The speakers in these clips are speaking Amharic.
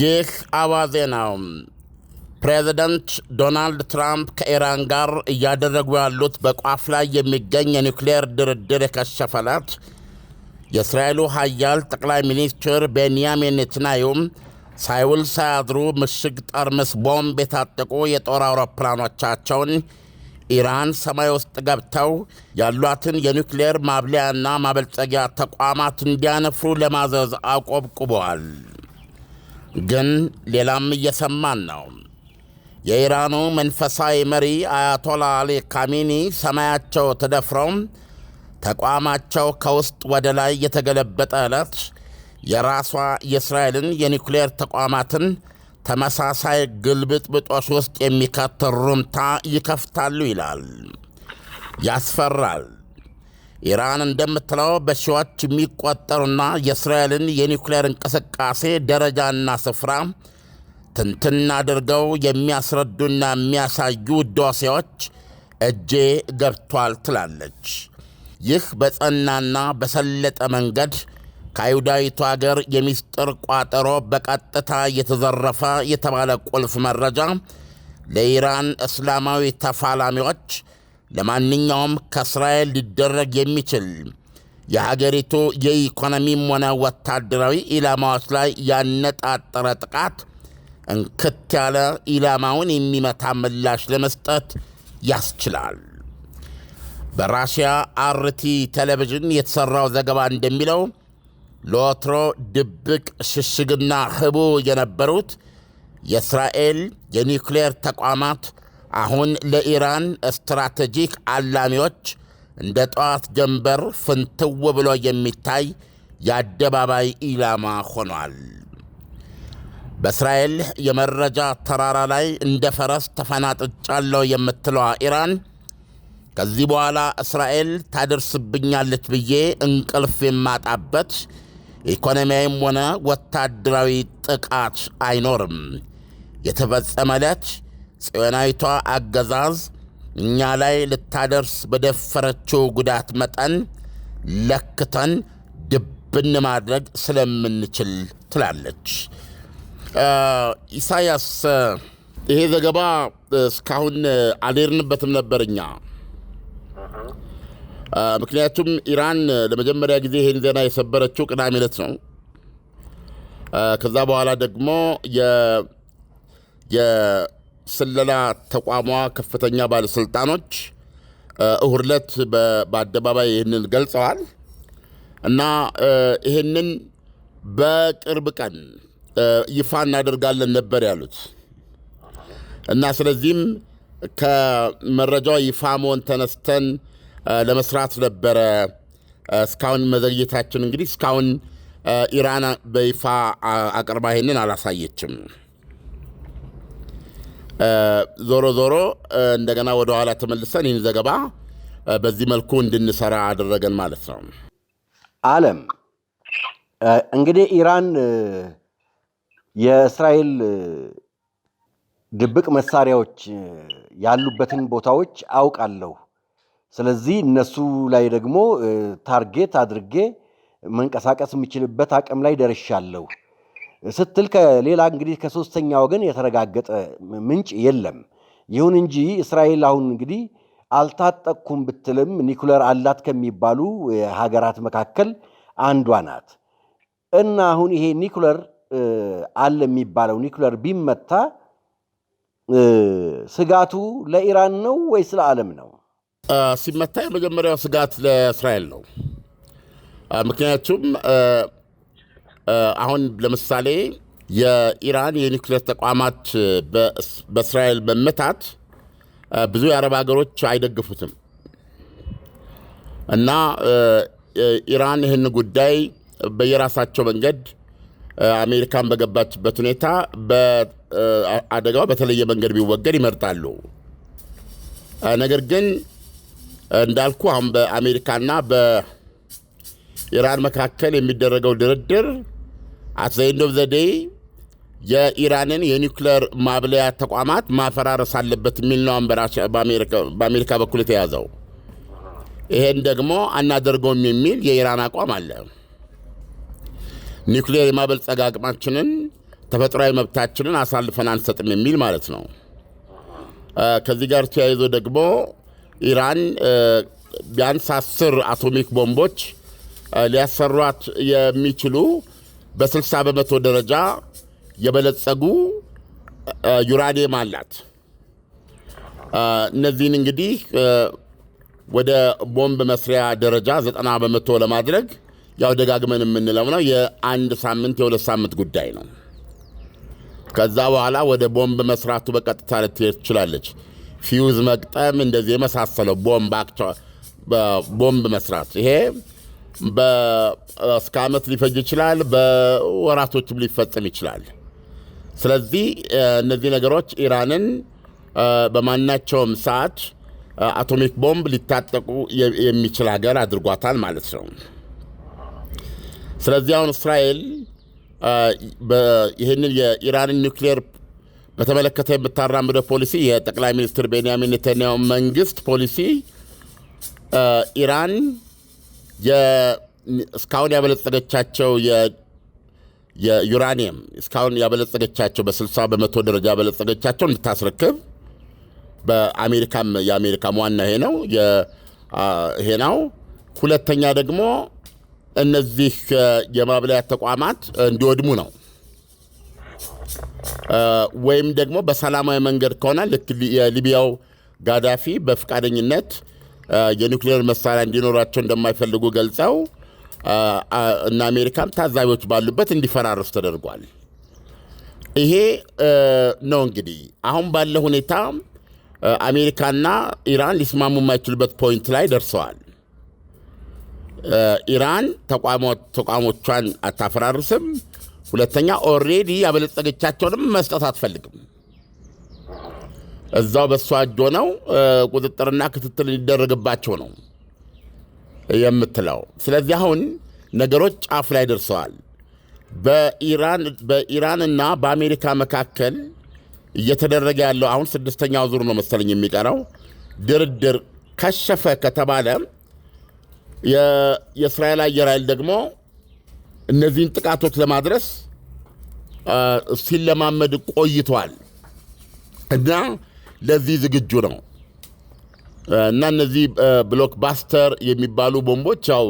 ይህ አዋዜ ነው። ፕሬዚደንት ዶናልድ ትራምፕ ከኢራን ጋር እያደረጉ ያሉት በቋፍ ላይ የሚገኝ የኒውክሌር ድርድር የከሸፈላት የእስራኤሉ ሀያል ጠቅላይ ሚኒስትር ቤንያሚን ኔትናዩም ሳይውል ሳያድሩ ምሽግ ጠርምስ ቦምብ የታጠቁ የጦር አውሮፕላኖቻቸውን ኢራን ሰማይ ውስጥ ገብተው ያሏትን የኒውክሌር ማብለያና ማበልጸጊያ ተቋማት እንዲያነፍሩ ለማዘዝ አቆብቁበዋል። ግን ሌላም እየሰማን ነው። የኢራኑ መንፈሳዊ መሪ አያቶላ አሊ ካሚኒ ሰማያቸው ተደፍረው ተቋማቸው ከውስጥ ወደ ላይ የተገለበጠ ዕለት የራሷ የእስራኤልን የኒውክሌር ተቋማትን ተመሳሳይ ግልብጥብጦች ውስጥ የሚከት ሩምታ ይከፍታሉ ይላል። ያስፈራል። ኢራን እንደምትለው በሺዎች የሚቆጠሩና የእስራኤልን የኒውክሌር እንቅስቃሴ ደረጃና ስፍራ ትንትን አድርገው የሚያስረዱና የሚያሳዩ ዶሴዎች እጄ ገብቷል ትላለች። ይህ በጸናና በሰለጠ መንገድ ከአይሁዳዊቱ አገር የሚስጥር ቋጠሮ በቀጥታ የተዘረፈ የተባለ ቁልፍ መረጃ ለኢራን እስላማዊ ተፋላሚዎች ለማንኛውም ከእስራኤል ሊደረግ የሚችል የሀገሪቱ የኢኮኖሚም ሆነ ወታደራዊ ኢላማዎች ላይ ያነጣጠረ ጥቃት እንክት ያለ ኢላማውን የሚመታ ምላሽ ለመስጠት ያስችላል። በራሽያ አርቲ ቴሌቪዥን የተሠራው ዘገባ እንደሚለው ለወትሮ ድብቅ ሽሽግና ህቡ የነበሩት የእስራኤል የኒውክሌር ተቋማት አሁን ለኢራን ስትራቴጂክ አላሚዎች እንደ ጠዋት ጀንበር ፍንትው ብሎ የሚታይ የአደባባይ ኢላማ ሆኗል። በእስራኤል የመረጃ ተራራ ላይ እንደ ፈረስ ተፈናጥጫለሁ የምትለዋ ኢራን ከዚህ በኋላ እስራኤል ታደርስብኛለች ብዬ እንቅልፍ የማጣበት ኢኮኖሚያዊም ሆነ ወታደራዊ ጥቃት አይኖርም። የተፈጸመለች ጽዮናዊቷ አገዛዝ እኛ ላይ ልታደርስ በደፈረችው ጉዳት መጠን ለክተን ድብን ማድረግ ስለምንችል ትላለች። ኢሳያስ ይሄ ዘገባ እስካሁን አልሄድንበትም ነበር እኛ ምክንያቱም ኢራን ለመጀመሪያ ጊዜ ይህን ዜና የሰበረችው ቅዳሜ ዕለት ነው። ከዛ በኋላ ደግሞ ስለላ ተቋሟ ከፍተኛ ባለስልጣኖች እሁድ ዕለት በአደባባይ ይህንን ገልጸዋል እና ይህንን በቅርብ ቀን ይፋ እናደርጋለን ነበር ያሉት እና ስለዚህም ከመረጃው ይፋ መሆን ተነስተን ለመስራት ነበረ እስካሁን መዘግየታችን። እንግዲህ እስካሁን ኢራን በይፋ አቅርባ ይህንን አላሳየችም። ዞሮ ዞሮ እንደገና ወደ ኋላ ተመልሰን ይህን ዘገባ በዚህ መልኩ እንድንሰራ አደረገን ማለት ነው። አለም እንግዲህ ኢራን የእስራኤል ድብቅ መሳሪያዎች ያሉበትን ቦታዎች አውቃለሁ፣ ስለዚህ እነሱ ላይ ደግሞ ታርጌት አድርጌ መንቀሳቀስ የምችልበት አቅም ላይ ደርሻለሁ ስትል ከሌላ እንግዲህ ከሶስተኛ ወገን የተረጋገጠ ምንጭ የለም። ይሁን እንጂ እስራኤል አሁን እንግዲህ አልታጠቅኩም ብትልም ኒኩለር አላት ከሚባሉ ሀገራት መካከል አንዷ ናት እና አሁን ይሄ ኒኩለር አለ የሚባለው ኒኩለር ቢመታ ስጋቱ ለኢራን ነው ወይስ ለዓለም ነው? ሲመታ የመጀመሪያው ስጋት ለእስራኤል ነው። ምክንያቱም አሁን ለምሳሌ የኢራን የኒውክሌር ተቋማት በእስራኤል መመታት ብዙ የአረብ ሀገሮች አይደግፉትም እና ኢራን ይህን ጉዳይ በየራሳቸው መንገድ አሜሪካን በገባችበት ሁኔታ በአደጋው በተለየ መንገድ ቢወገድ ይመርጣሉ። ነገር ግን እንዳልኩ አሁን በአሜሪካና በኢራን መካከል የሚደረገው ድርድር አት ዘ ኤንድ ኦፍ ዘ ዴይ የኢራንን የኒውክሌር ማብለያ ተቋማት ማፈራረስ አለበት የሚል ነው በአሜሪካ በኩል የተያዘው። ይሄን ደግሞ አናደርገውም የሚል የኢራን አቋም አለ። ኒውክሌር የማበልጸግ አቅማችንን፣ ተፈጥሯዊ መብታችንን አሳልፈን አንሰጥም የሚል ማለት ነው። ከዚህ ጋር ተያይዞ ደግሞ ኢራን ቢያንስ አስር አቶሚክ ቦምቦች ሊያሰሯት የሚችሉ በ60 በመቶ ደረጃ የበለጸጉ ዩራኒየም አላት። እነዚህን እንግዲህ ወደ ቦምብ መስሪያ ደረጃ 90 በመቶ ለማድረግ ያው ደጋግመን የምንለው ነው። የአንድ ሳምንት የሁለት ሳምንት ጉዳይ ነው። ከዛ በኋላ ወደ ቦምብ መስራቱ በቀጥታ ልትሄድ ትችላለች። ፊውዝ መቅጠም፣ እንደዚህ የመሳሰለው ቦምብ መስራት ይሄ እስከ ዓመት ሊፈጅ ይችላል። በወራቶችም ሊፈጽም ይችላል። ስለዚህ እነዚህ ነገሮች ኢራንን በማናቸውም ሰዓት አቶሚክ ቦምብ ሊታጠቁ የሚችል ሀገር አድርጓታል ማለት ነው። ስለዚህ አሁን እስራኤል ይህንን የኢራንን ኒውክሌር በተመለከተ የምታራምደው ፖሊሲ የጠቅላይ ሚኒስትር ቤንያሚን ኔታንያሁ መንግስት ፖሊሲ ኢራን እስካሁን ያበለጸገቻቸው የዩራኒየም እስካሁን ያበለጸገቻቸው በስልሳ በመቶ ደረጃ ያበለጸገቻቸው እንድታስረክብ በአሜሪካም የአሜሪካም ዋና ይሄ ነው ይሄ ነው። ሁለተኛ ደግሞ እነዚህ የማብላያ ተቋማት እንዲወድሙ ነው ወይም ደግሞ በሰላማዊ መንገድ ከሆነ ልክ የሊቢያው ጋዳፊ በፍቃደኝነት የኒውክሌር መሳሪያ እንዲኖራቸው እንደማይፈልጉ ገልጸው እና አሜሪካም ታዛቢዎች ባሉበት እንዲፈራርስ ተደርጓል። ይሄ ነው እንግዲህ አሁን ባለ ሁኔታ አሜሪካና ኢራን ሊስማሙ የማይችሉበት ፖይንት ላይ ደርሰዋል። ኢራን ተቋሞቿን አታፈራርስም። ሁለተኛ ኦልሬዲ ያበለጸገቻቸውንም መስጠት አትፈልግም። እዛው በእሷ እጅ ሆነው ቁጥጥርና ክትትል እንዲደረግባቸው ነው የምትለው። ስለዚህ አሁን ነገሮች ጫፍ ላይ ደርሰዋል። በኢራንና በአሜሪካ መካከል እየተደረገ ያለው አሁን ስድስተኛው ዙር ነው መሰለኝ የሚቀረው ድርድር ከሸፈ ከተባለ የእስራኤል አየር ኃይል ደግሞ እነዚህን ጥቃቶች ለማድረስ ሲለማመድ ቆይቷል እና ለዚህ ዝግጁ ነው እና እነዚህ ብሎክ ባስተር የሚባሉ ቦምቦች ያው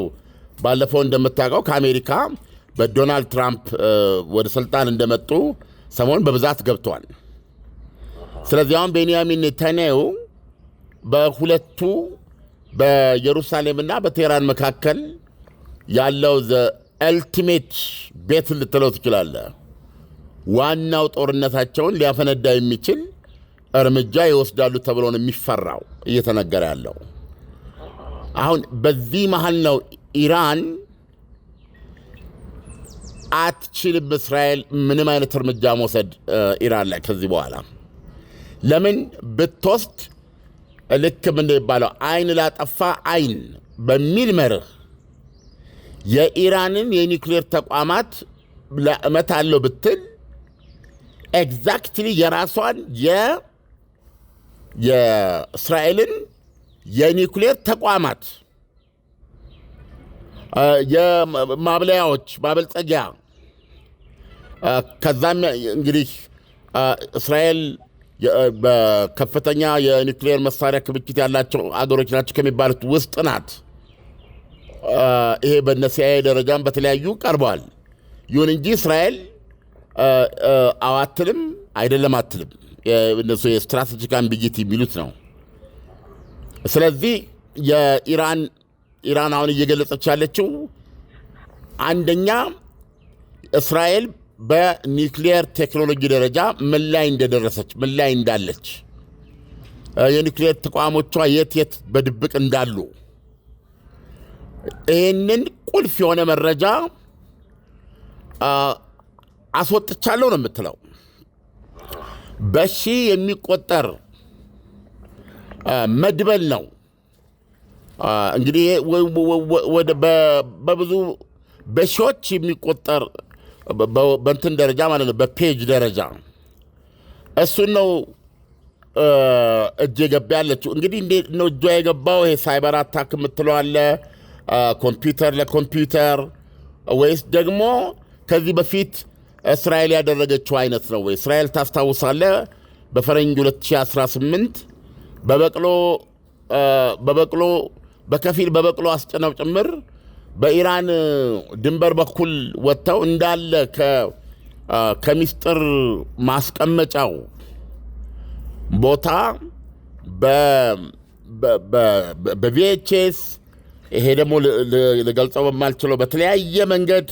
ባለፈው እንደምታውቀው ከአሜሪካ በዶናልድ ትራምፕ ወደ ስልጣን እንደመጡ ሰሞን በብዛት ገብተዋል። ስለዚህ አሁን ቤንያሚን ኔታንያሁ በሁለቱ በኢየሩሳሌምና በቴህራን መካከል ያለው ዘ አልቲሜት ቤት ልትለው ትችላለህ ዋናው ጦርነታቸውን ሊያፈነዳ የሚችል እርምጃ ይወስዳሉ ተብሎ ነው የሚፈራው እየተነገረ ያለው። አሁን በዚህ መሀል ነው ኢራን አትችልም፣ እስራኤል ምንም አይነት እርምጃ መውሰድ ኢራን ላይ ከዚህ በኋላ ለምን ብትወስድ ልክ ምን ይባለው አይን ላጠፋ አይን በሚል መርህ የኢራንን የኒውክሌር ተቋማት አለው ብትል ኤግዛክትሊ የራሷን የእስራኤልን የኒውክሌር ተቋማት የማብለያዎች ማበልጸጊያ ከዛም እንግዲህ እስራኤል በከፍተኛ የኒውክሌር መሳሪያ ክምችት ያላቸው አገሮች ናቸው ከሚባሉት ውስጥ ናት። ይሄ በነሲያ ደረጃም በተለያዩ ቀርበዋል። ይሁን እንጂ እስራኤል አዋትልም አትልም፣ አይደለም አትልም። እነሱ የስትራቴጂክ አምቢጊቲ የሚሉት ነው። ስለዚህ የኢራን ኢራን አሁን እየገለጸች ያለችው አንደኛ እስራኤል በኒውክሊየር ቴክኖሎጂ ደረጃ ምን ላይ እንደደረሰች ምን ላይ እንዳለች የኒውክሊየር ተቋሞቿ የት የት በድብቅ እንዳሉ ይህንን ቁልፍ የሆነ መረጃ አስወጥቻለሁ ነው የምትለው። በሺ የሚቆጠር መድበል ነው። እንግዲህ በብዙ በሺዎች የሚቆጠር በእንትን ደረጃ ማለት ነው፣ በፔጅ ደረጃ እሱን ነው እጅ የገባ ያለችው። እንግዲህ እንዴት ነው እጇ የገባው? ይሄ ሳይበር አታክ የምትለዋለ ኮምፒውተር ለኮምፒውተር ወይስ ደግሞ ከዚህ በፊት እስራኤል ያደረገችው አይነት ነው። እስራኤል ታስታውሳለ በፈረንጅ 2018 በበቅሎ በበቅሎ በከፊል በበቅሎ አስጨነው ጭምር በኢራን ድንበር በኩል ወጥተው እንዳለ ከሚስጥር ማስቀመጫው ቦታ በቪኤችኤስ ይሄ ደግሞ ልገልጸው በማልችለው በተለያየ መንገድ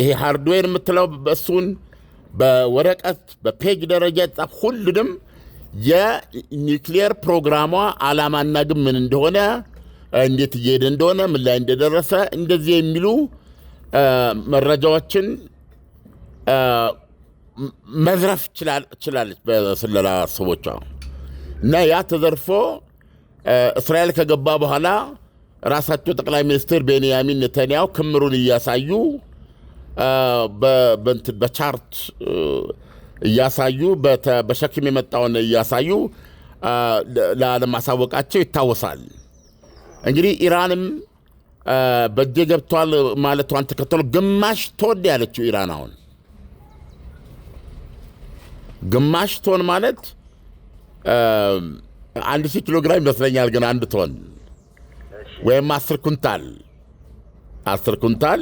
ይሄ ሃርድዌር የምትለው እሱን በወረቀት በፔጅ ደረጃ የተጻፈ ሁሉንም የኒውክሊየር ፕሮግራሟ አላማና ግን ምን እንደሆነ እንዴት እየሄደ እንደሆነ ምን ላይ እንደደረሰ እንደዚህ የሚሉ መረጃዎችን መዝረፍ ችላለች በስለላ ሰዎቿ እና ያ ተዘርፎ እስራኤል ከገባ በኋላ ራሳቸው ጠቅላይ ሚኒስትር ቤንያሚን ኔታንያሁ ክምሩን እያሳዩ በቻርት እያሳዩ በሸክም የመጣውን እያሳዩ ለዓለም ማሳወቃቸው ይታወሳል። እንግዲህ ኢራንም በእጄ ገብቷል ማለቷን ተከትሎ ግማሽ ቶን ያለችው ኢራን አሁን ግማሽ ቶን ማለት አንድ ሺህ ኪሎ ግራም ይመስለኛል። ግን አንድ ቶን ወይም አስር ኩንታል አስር ኩንታል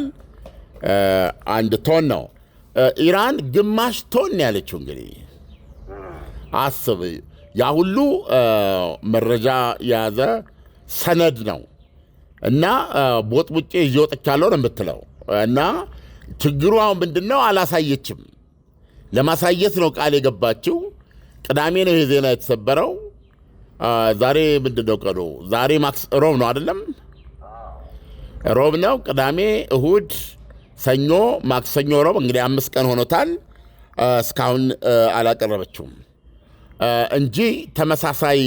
አንድ ቶን ነው። ኢራን ግማሽ ቶን ያለችው እንግዲህ አስብ። ያ ሁሉ መረጃ የያዘ ሰነድ ነው እና ቦጥቡጬ ይዤ ወጥቻለሁ ነው የምትለው። እና ችግሩ አሁን ምንድን ነው? አላሳየችም። ለማሳየት ነው ቃል የገባችው። ቅዳሜ ነው ይሄ ዜና የተሰበረው። ዛሬ ምንድን ነው ቀኑ? ዛሬ ማክስ ሮብ ነው አይደለም? ሮብ ነው። ቅዳሜ እሁድ ሰኞ፣ ማክሰኞ፣ ሮብ እንግዲህ አምስት ቀን ሆኖታል። እስካሁን አላቀረበችውም እንጂ ተመሳሳይ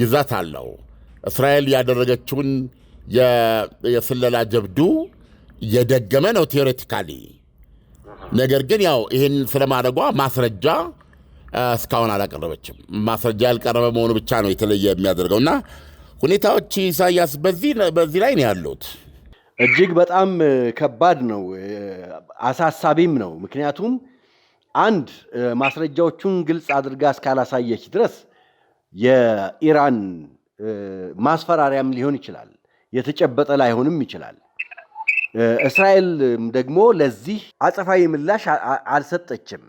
ይዘት አለው። እስራኤል ያደረገችውን የስለላ ጀብዱ የደገመ ነው ቴዎሬቲካሊ። ነገር ግን ያው ይህን ስለማድረጓ ማስረጃ እስካሁን አላቀረበችም። ማስረጃ ያልቀረበ መሆኑ ብቻ ነው የተለየ የሚያደርገው እና ሁኔታዎች ኢሳያስ በዚህ ላይ ነው ያሉት። እጅግ በጣም ከባድ ነው፣ አሳሳቢም ነው። ምክንያቱም አንድ ማስረጃዎቹን ግልጽ አድርጋ እስካላሳየች ድረስ የኢራን ማስፈራሪያም ሊሆን ይችላል፣ የተጨበጠ ላይሆንም ይችላል። እስራኤል ደግሞ ለዚህ አጸፋዊ ምላሽ አልሰጠችም።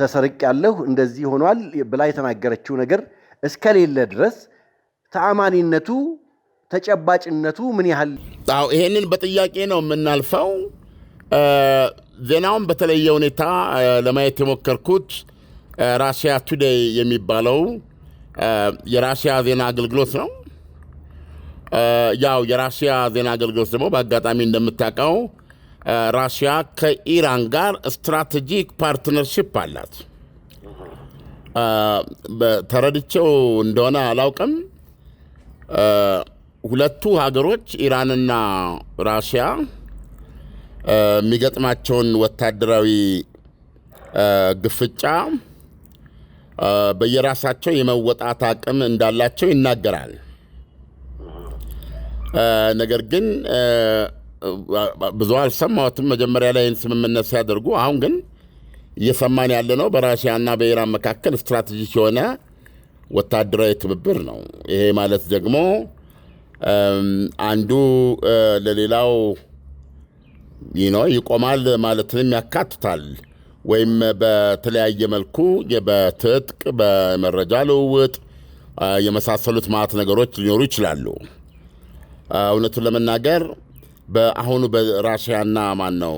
ተሰርቅ ያለሁ እንደዚህ ሆኗል ብላ የተናገረችው ነገር እስከሌለ ድረስ ተአማኒነቱ ተጨባጭነቱ ምን ያህል? አዎ ይሄንን በጥያቄ ነው የምናልፈው። ዜናውን በተለየ ሁኔታ ለማየት የሞከርኩት ራሽያ ቱዴይ የሚባለው የራሽያ ዜና አገልግሎት ነው። ያው የራሽያ ዜና አገልግሎት ደግሞ በአጋጣሚ እንደምታውቀው ራሽያ ከኢራን ጋር ስትራቴጂክ ፓርትነርሽፕ አላት። ተረድቼው እንደሆነ አላውቅም። ሁለቱ ሀገሮች ኢራንና ራሽያ የሚገጥማቸውን ወታደራዊ ግፍጫ በየራሳቸው የመወጣት አቅም እንዳላቸው ይናገራል። ነገር ግን ብዙ አልሰማሁትም መጀመሪያ ላይ ይህን ስምምነት ሲያደርጉ። አሁን ግን እየሰማን ያለ ነው በራሽያና በኢራን መካከል ስትራቴጂክ የሆነ ወታደራዊ ትብብር ነው። ይሄ ማለት ደግሞ አንዱ ለሌላው ይቆማል ማለትንም ያካትታል። ወይም በተለያየ መልኩ በትጥቅ በመረጃ ልውውጥ የመሳሰሉት ማት ነገሮች ሊኖሩ ይችላሉ። እውነቱን ለመናገር በአሁኑ በራሽያና ማን ነው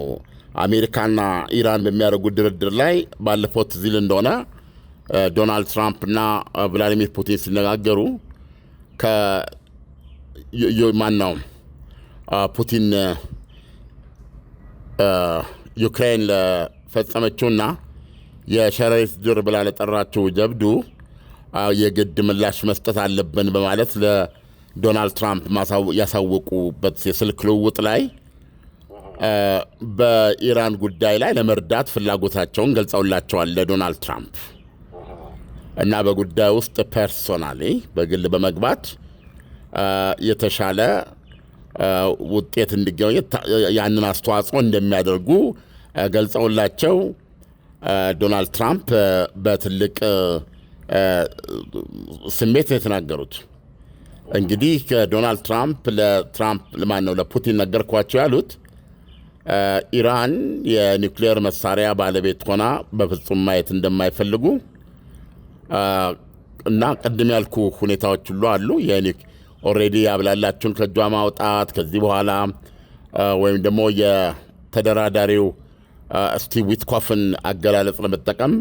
አሜሪካና ኢራን በሚያደርጉት ድርድር ላይ ባለፈው ትዝ እንደሆነ ዶናልድ ትራምፕና ቭላዲሚር ፑቲን ሲነጋገሩ ማናው ፑቲን ዩክሬን ለፈጸመችውና የሸረሪት ድር ብላ ለጠራችው ጀብዱ የግድ ምላሽ መስጠት አለብን በማለት ለዶናልድ ትራምፕ ያሳወቁበት የስልክ ልውውጥ ላይ በኢራን ጉዳይ ላይ ለመርዳት ፍላጎታቸውን ገልጸውላቸዋል ለዶናልድ ትራምፕ እና በጉዳይ ውስጥ ፐርሶናሊ በግል በመግባት የተሻለ ውጤት እንዲገኝ ያንን አስተዋጽኦ እንደሚያደርጉ ገልጸውላቸው ዶናልድ ትራምፕ በትልቅ ስሜት ነው የተናገሩት። እንግዲህ ዶናልድ ትራምፕ ለትራምፕ ለማን ነው ለፑቲን ነገርኳቸው ያሉት ኢራን የኒውክሌር መሳሪያ ባለቤት ሆና በፍጹም ማየት እንደማይፈልጉ እና ቅድም ያልኩ ሁኔታዎች ሁሉ አሉ ኦልሬዲ ያብላላችሁን ከእጇ ማውጣት ከዚህ በኋላ ወይም ደግሞ የተደራዳሪው ስቲቭ ዊትኮፍን አገላለጽ ለመጠቀም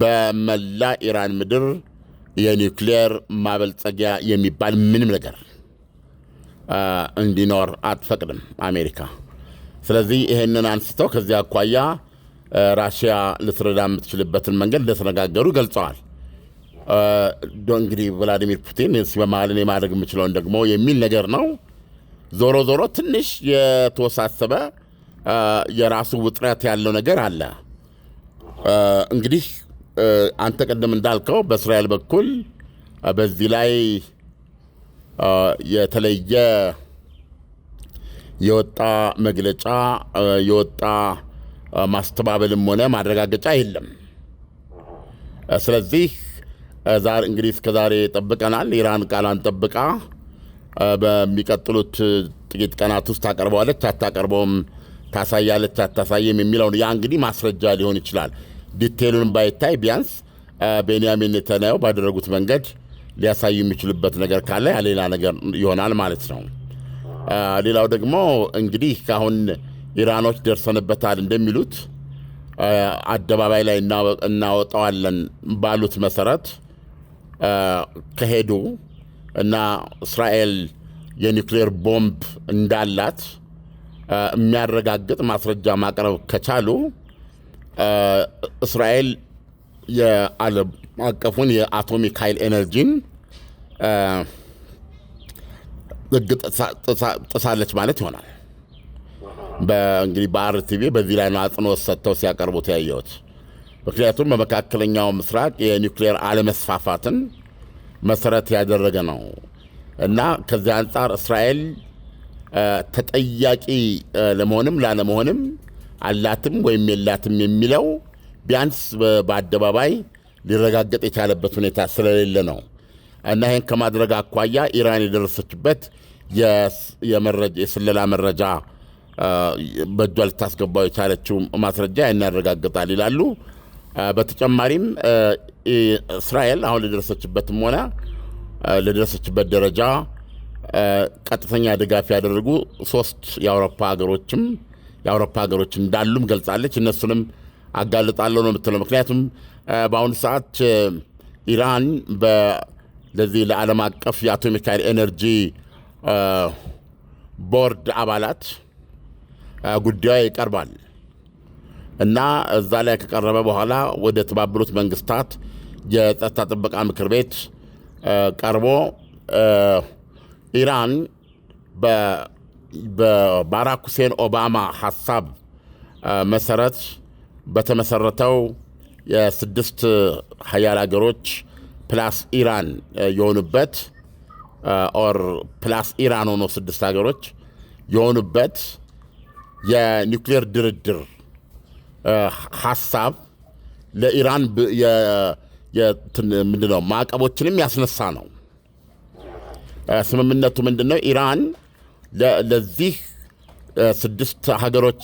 በመላ ኢራን ምድር የኒውክሌር ማበልጸጊያ የሚባል ምንም ነገር እንዲኖር አትፈቅድም አሜሪካ። ስለዚህ ይሄንን አንስተው ከዚህ አኳያ ራሽያ ልትረዳ የምትችልበትን መንገድ እንደተነጋገሩ ገልጸዋል። እንግዲህ ቭላዲሚር ፑቲን በመሀል እኔ ማድረግ የምችለውን ደግሞ የሚል ነገር ነው። ዞሮ ዞሮ ትንሽ የተወሳሰበ የራሱ ውጥረት ያለው ነገር አለ። እንግዲህ አንተ ቀደም እንዳልከው በእስራኤል በኩል በዚህ ላይ የተለየ የወጣ መግለጫ የወጣ ማስተባበልም ሆነ ማረጋገጫ የለም። ስለዚህ እንግዲህ እስከ ዛሬ ጠብቀናል። ኢራን ቃሏን ጠብቃ በሚቀጥሉት ጥቂት ቀናት ውስጥ ታቀርበዋለች አታቀርበውም፣ ታሳያለች አታሳይም የሚለውን ያ እንግዲህ ማስረጃ ሊሆን ይችላል። ዲቴሉን ባይታይ ቢያንስ ቤንያሚን ኔታንያሁ ባደረጉት መንገድ ሊያሳዩ የሚችሉበት ነገር ካለ ያ ሌላ ነገር ይሆናል ማለት ነው። ሌላው ደግሞ እንግዲህ ካሁን ኢራኖች ደርሰንበታል እንደሚሉት አደባባይ ላይ እናወጣዋለን ባሉት መሰረት ከሄዱ እና እስራኤል የኒውክሌር ቦምብ እንዳላት የሚያረጋግጥ ማስረጃ ማቅረብ ከቻሉ እስራኤል የዓለም አቀፉን የአቶሚክ ኃይል ኤነርጂን ሕግ ጥሳለች ማለት ይሆናል። እንግዲህ በአርቲቪ በዚህ ላይ ነው አጽንኦት ሰጥተው ሲያቀርቡት ያየሁት። ምክንያቱም በመካከለኛው ምስራቅ የኒውክሌር አለመስፋፋትን መሰረት ያደረገ ነው እና ከዚያ አንጻር እስራኤል ተጠያቂ ለመሆንም ላለመሆንም አላትም ወይም የላትም የሚለው ቢያንስ በአደባባይ ሊረጋገጥ የቻለበት ሁኔታ ስለሌለ ነው እና ይህን ከማድረግ አኳያ ኢራን የደረሰችበት የስለላ መረጃ በእጇ ልታስገባው የቻለችው ማስረጃ ያን ያረጋግጣል ይላሉ። በተጨማሪም እስራኤል አሁን ለደረሰችበትም ሆነ ለደረሰችበት ደረጃ ቀጥተኛ ድጋፍ ያደረጉ ሶስት የአውሮፓ ሀገሮችም የአውሮፓ ሀገሮች እንዳሉም ገልጻለች። እነሱንም አጋልጣለሁ ነው የምትለው። ምክንያቱም በአሁኑ ሰዓት ኢራን ለዚህ ለዓለም አቀፍ የአቶሚክ ኃይል ኤነርጂ ቦርድ አባላት ጉዳዩ ይቀርባል። እና እዛ ላይ ከቀረበ በኋላ ወደ ተባበሩት መንግስታት የጸጥታ ጥበቃ ምክር ቤት ቀርቦ ኢራን በባራክ ሁሴን ኦባማ ሀሳብ መሰረት በተመሰረተው የስድስት ሀያል ሀገሮች ፕላስ ኢራን የሆኑበት ኦር ፕላስ ኢራን ሆኖ ስድስት ሀገሮች የሆኑበት የኒውክሌር ድርድር ሀሳብ ለኢራን ምንድነው ማዕቀቦችንም ያስነሳ ነው። ስምምነቱ ምንድነው? ኢራን ለዚህ ስድስት ሀገሮች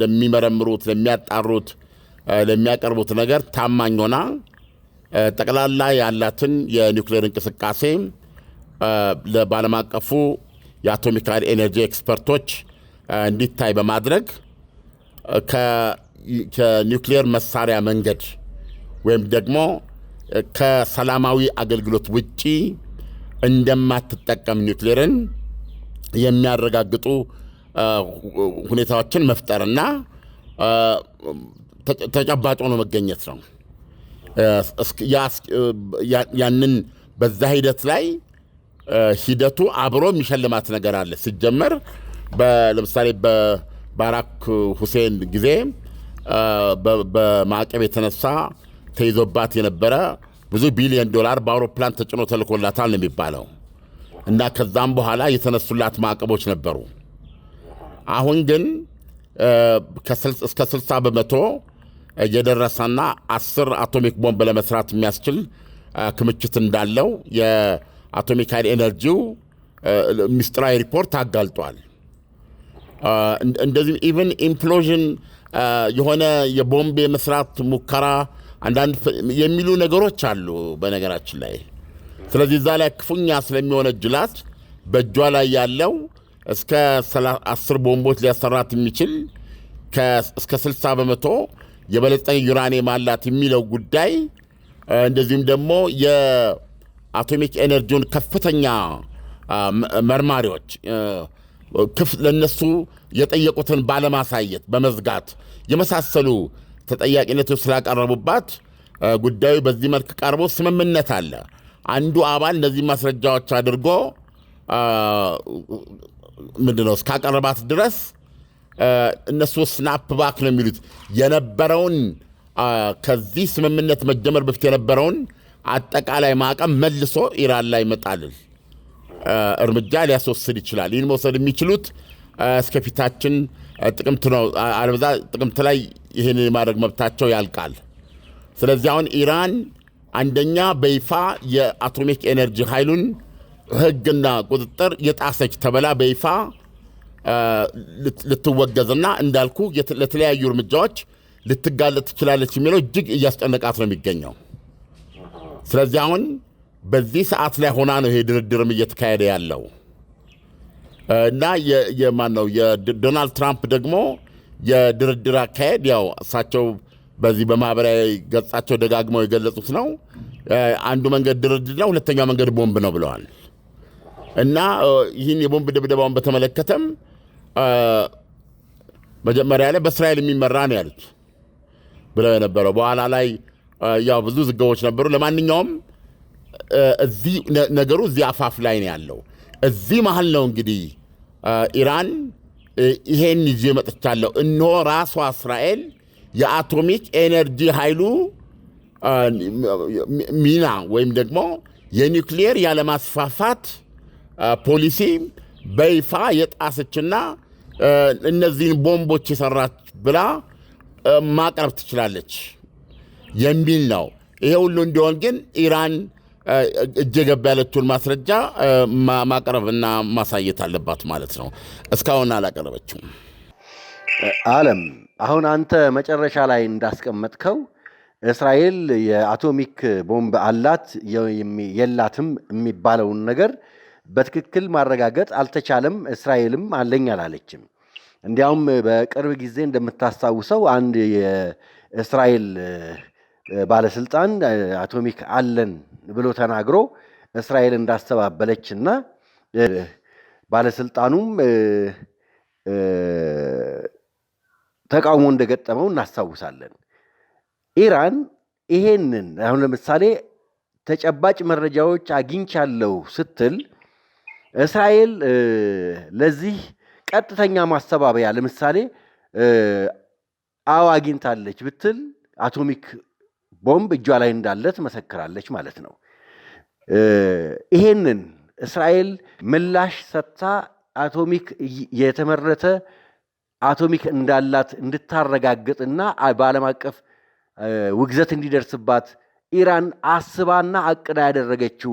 ለሚመረምሩት፣ ለሚያጣሩት፣ ለሚያቀርቡት ነገር ታማኝ ሆና ጠቅላላ ያላትን የኒውክሌር እንቅስቃሴ ለባለም አቀፉ የአቶሚካል ኤነርጂ ኤክስፐርቶች እንዲታይ በማድረግ ከኒውክሌር መሳሪያ መንገድ ወይም ደግሞ ከሰላማዊ አገልግሎት ውጪ እንደማትጠቀም ኒውክሌርን የሚያረጋግጡ ሁኔታዎችን መፍጠርና ተጨባጭ ሆኖ መገኘት ነው። ያንን በዛ ሂደት ላይ ሂደቱ አብሮ የሚሸልማት ነገር አለ። ሲጀመር ለምሳሌ ባራክ ሁሴን ጊዜ በማዕቀብ የተነሳ ተይዞባት የነበረ ብዙ ቢሊዮን ዶላር በአውሮፕላን ተጭኖ ተልኮላታል ነው የሚባለው እና ከዛም በኋላ የተነሱላት ማዕቀቦች ነበሩ። አሁን ግን እስከ 60 በመቶ የደረሰና አስር አቶሚክ ቦምብ ለመስራት የሚያስችል ክምችት እንዳለው የአቶሚክ ኃይል ኤነርጂው ሚስጥራዊ ሪፖርት አጋልጧል። እንደዚህ ኢቨን ኢምፕሎዥን የሆነ የቦምብ የመስራት ሙከራ አንዳንድ የሚሉ ነገሮች አሉ በነገራችን ላይ። ስለዚህ እዛ ላይ ክፉኛ ስለሚሆነ ጅላት በእጇ ላይ ያለው እስከ አስር ቦምቦች ሊያሰራት የሚችል እስከ 60 በመቶ የበለጠኝ ዩራኒየም አላት የሚለው ጉዳይ እንደዚሁም ደግሞ የአቶሚክ ኤነርጂውን ከፍተኛ መርማሪዎች ለእነሱ የጠየቁትን ባለማሳየት በመዝጋት የመሳሰሉ ተጠያቂነቶች ስላቀረቡባት ጉዳዩ በዚህ መልክ ቀርቦ ስምምነት አለ። አንዱ አባል እነዚህ ማስረጃዎች አድርጎ ምንድነው እስካቀረባት ድረስ እነሱ ስናፕ ባክ ነው የሚሉት የነበረውን ከዚህ ስምምነት መጀመር በፊት የነበረውን አጠቃላይ ማዕቀብ መልሶ ኢራን ላይ መጣልል እርምጃ ሊያስወስድ ይችላል። ይህን መውሰድ የሚችሉት እስከፊታችን ጥቅምት ነው። አለበዛ ጥቅምት ላይ ይህን የማድረግ መብታቸው ያልቃል። ስለዚህ አሁን ኢራን አንደኛ በይፋ የአቶሚክ ኤነርጂ ኃይሉን ሕግና ቁጥጥር የጣሰች ተብላ በይፋ ልትወገዝና እንዳልኩ ለተለያዩ እርምጃዎች ልትጋለጥ ትችላለች የሚለው እጅግ እያስጨነቃት ነው የሚገኘው። ስለዚህ አሁን በዚህ ሰዓት ላይ ሆና ነው ይሄ ድርድርም እየተካሄደ ያለው እና የማን ነው የዶናልድ ትራምፕ ደግሞ የድርድር አካሄድ ያው እሳቸው በዚህ በማህበራዊ ገጻቸው ደጋግመው የገለጹት ነው። አንዱ መንገድ ድርድር ነው፣ ሁለተኛው መንገድ ቦምብ ነው ብለዋል እና ይህን የቦምብ ድብደባውን በተመለከተም መጀመሪያ ላይ በእስራኤል የሚመራ ነው ያሉት ብለው የነበረው በኋላ ላይ ያው ብዙ ዝገቦች ነበሩ። ለማንኛውም እዚህ ነገሩ እዚህ አፋፍ ላይ ነው ያለው። እዚህ መሀል ነው እንግዲህ ኢራን ይሄን ይዤ መጥቻለሁ፣ እነሆ ራሷ እስራኤል የአቶሚክ ኤነርጂ ኃይሉ ሚና ወይም ደግሞ የኒውክሊየር ያለማስፋፋት ፖሊሲ በይፋ የጣሰችና እነዚህን ቦምቦች የሰራች ብላ ማቅረብ ትችላለች የሚል ነው። ይሄ ሁሉ እንዲሆን ግን ኢራን እጀ ገባ ያለችውን ማስረጃ ማቅረብና ማሳየት አለባት ማለት ነው። እስካሁን አላቀረበችውም። አለም አሁን አንተ መጨረሻ ላይ እንዳስቀመጥከው እስራኤል የአቶሚክ ቦምብ አላት የላትም የሚባለውን ነገር በትክክል ማረጋገጥ አልተቻለም። እስራኤልም አለኝ አላለችም። እንዲያውም በቅርብ ጊዜ እንደምታስታውሰው አንድ የእስራኤል ባለስልጣን አቶሚክ አለን ብሎ ተናግሮ እስራኤል እና ባለስልጣኑም ተቃውሞ እንደገጠመው እናስታውሳለን። ኢራን ይሄንን አሁን ለምሳሌ ተጨባጭ መረጃዎች አግኝቻለሁ ስትል እስራኤል ለዚህ ቀጥተኛ ማስተባበያ ለምሳሌ አዎ አግኝታለች ብትል አቶሚክ ቦምብ እጇ ላይ እንዳለ ትመሰክራለች ማለት ነው። ይሄንን እስራኤል ምላሽ ሰጥታ አቶሚክ የተመረተ አቶሚክ እንዳላት እንድታረጋግጥና በዓለም አቀፍ ውግዘት እንዲደርስባት ኢራን አስባና አቅዳ ያደረገችው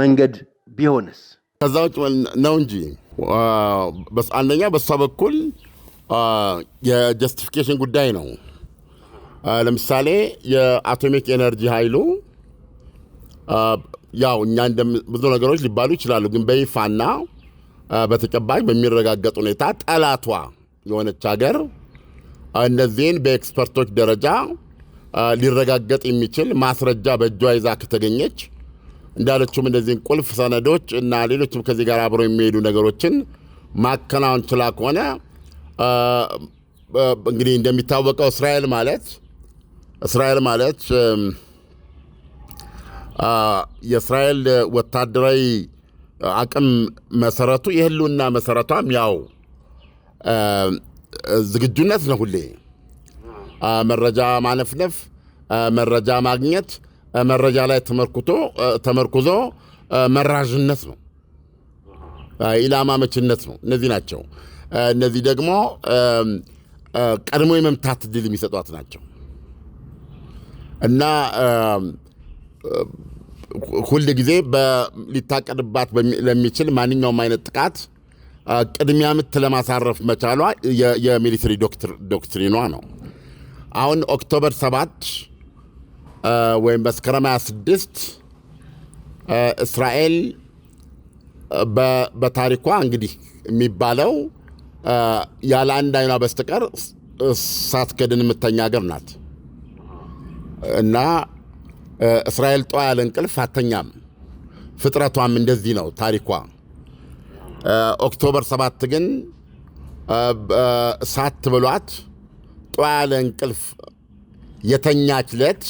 መንገድ ቢሆንስ? ከዛ ውጭ ነው እንጂ አንደኛ በሷ በኩል የጀስቲፊኬሽን ጉዳይ ነው። ለምሳሌ የአቶሚክ ኤነርጂ ኃይሉ ያው እኛ ብዙ ነገሮች ሊባሉ ይችላሉ፣ ግን በይፋና በተጨባጭ በሚረጋገጥ ሁኔታ ጠላቷ የሆነች ሀገር እነዚህን በኤክስፐርቶች ደረጃ ሊረጋገጥ የሚችል ማስረጃ በእጇ ይዛ ከተገኘች እንዳለችውም እነዚህን ቁልፍ ሰነዶች እና ሌሎችም ከዚህ ጋር አብረው የሚሄዱ ነገሮችን ማከናወን ችላ ከሆነ እንግዲህ እንደሚታወቀው እስራኤል ማለት እስራኤል ማለት የእስራኤል ወታደራዊ አቅም መሰረቱ የህልውና መሰረቷም ያው ዝግጁነት ነው። ሁሌ መረጃ ማነፍነፍ፣ መረጃ ማግኘት፣ መረጃ ላይ ተመርኩዞ መራዥነት ነው፣ ኢላማ መችነት ነው። እነዚህ ናቸው። እነዚህ ደግሞ ቀድሞ የመምታት ድል የሚሰጧት ናቸው። እና ሁል ጊዜ ሊታቀድባት ለሚችል ማንኛውም አይነት ጥቃት ቅድሚያ ምት ለማሳረፍ መቻሏ የሚሊተሪ ዶክትሪኗ ነው። አሁን ኦክቶበር 7 ወይም መስከረም 26 እስራኤል በታሪኳ እንግዲህ የሚባለው ያለ አንድ አይኗ በስተቀር ሳትከድን የምተኛ ሀገር ናት። እና እስራኤል ጠዋ ያለ እንቅልፍ አተኛም። ፍጥረቷም እንደዚህ ነው ታሪኳ። ኦክቶበር ሰባት ግን ሳት ብሏት ጠዋ ያለ እንቅልፍ የተኛች ለት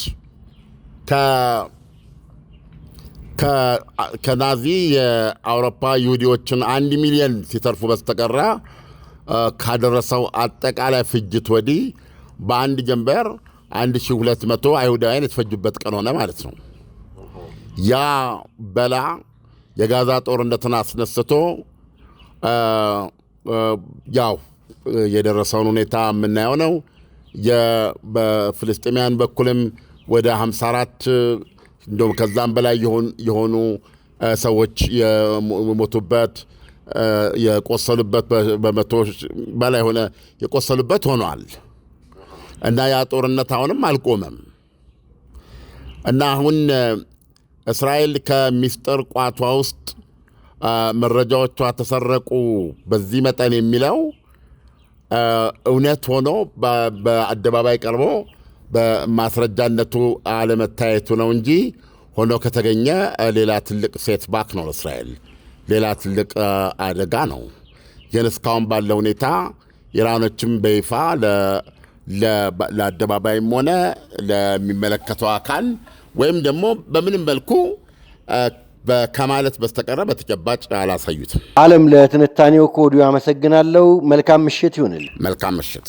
ከናዚ የአውሮፓ ይሁዲዎችን አንድ ሚሊዮን ሲተርፉ በስተቀራ ካደረሰው አጠቃላይ ፍጅት ወዲህ በአንድ ጀንበር 1200 አይሁዳውያን የተፈጁበት ቀን ሆነ ማለት ነው። ያ በላ የጋዛ ጦርነትን አስነስቶ ያው የደረሰውን ሁኔታ የምናየው ነው። በፍልስጤማውያን በኩልም ወደ 54 እንዲሁም ከዛም በላይ የሆኑ ሰዎች የሞቱበት የቆሰሉበት በመቶ በላይ የሆነ የቆሰሉበት ሆኗል። እና ያ ጦርነት አሁንም አልቆመም እና አሁን እስራኤል ከሚስጥር ቋቷ ውስጥ መረጃዎቿ ተሰረቁ በዚህ መጠን የሚለው እውነት ሆኖ በአደባባይ ቀርቦ በማስረጃነቱ አለመታየቱ ነው እንጂ ሆኖ ከተገኘ ሌላ ትልቅ ሴትባክ ነው ለእስራኤል፣ ሌላ ትልቅ አደጋ ነው። ግን እስካሁን ባለ ሁኔታ ኢራኖችም በይፋ ለአደባባይም ሆነ ለሚመለከተው አካል ወይም ደግሞ በምንም መልኩ ከማለት በስተቀረ በተጨባጭ አላሳዩትም። አለም ለትንታኔው ከወዲሁ አመሰግናለሁ። መልካም ምሽት ይሁንል። መልካም ምሽት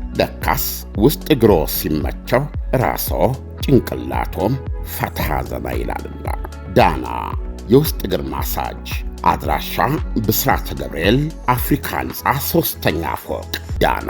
ለካስ ውስጥ እግሮ ሲመቸው ራሶ ጭንቅላቶም ፈታ ዘና ይላልና። ዳና የውስጥ እግር ማሳጅ አድራሻ ብስራተ ገብርኤል አፍሪካ ሕንፃ ሶስተኛ ፎቅ ዳና